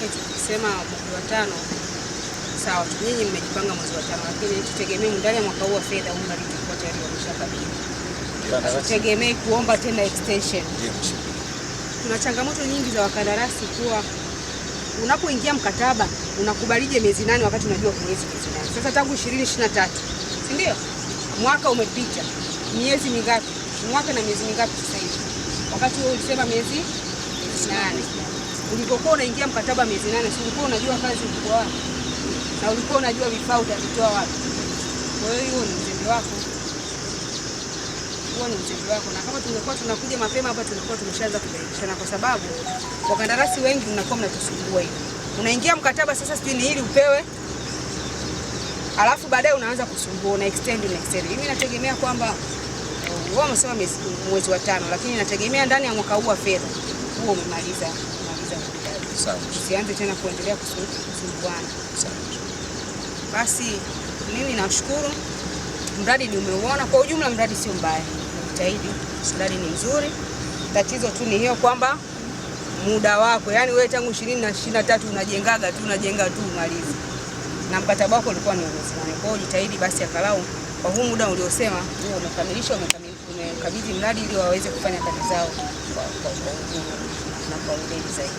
lakini tukisema mwezi wa tano sawa, nyinyi mmejipanga mwezi wa tano, lakini tutegemee ndani ya mwaka huu wa fedha huu mradi tulikuwa tayari wameshakabidhi, tutegemee kuomba tena extension. Kuna changamoto nyingi za wakandarasi kuwa unapoingia mkataba unakubalije miezi nane wakati unajua kuwezi miezi nane. Sasa tangu 2023 si ndio? Mwaka umepita miezi mingapi? Mwaka na miezi mingapi sasa hivi? Wakati wewe ulisema miezi nane. Ulikokuwa unaingia mkataba miezi nane, si ulikuwa unajua kazi ukubwa wapi na ulikuwa unajua vifaa utavitoa wapi? Kwa hiyo huo ni mzembe wako, huo ni mzembe wako. Na kama tumekuwa tunakuja mapema hapa, tunakuwa tumeshaanza kubaishana, kwa sababu wakandarasi wengi mnakuwa mnatusumbua hivi. Unaingia mkataba sasa, sijui ni hili upewe, alafu baadaye unaanza kusumbua, una extend na extend. Mimi nategemea kwamba wao wamesema mwezi wa tano, lakini nategemea ndani ya mwaka huu wa fedha huo umemaliza kumaliza sawa, usianze tena kuendelea kusumbuana. Basi mimi nashukuru, mradi ni umeuona kwa ujumla, mradi sio mbaya, najitahidi, mradi ni mzuri. Tatizo tu ni hiyo kwamba muda wako, yani wewe tangu ishirini na ishirini na tatu unajengaga tu unajenga tu umalize, na mkataba wako ulikuwa ni mwezi nane. Kwa hiyo jitahidi basi angalau kwa huu muda uliosema umekamilisha, umekabidhi mradi ili waweze kufanya kazi zao. konting na konting zinc.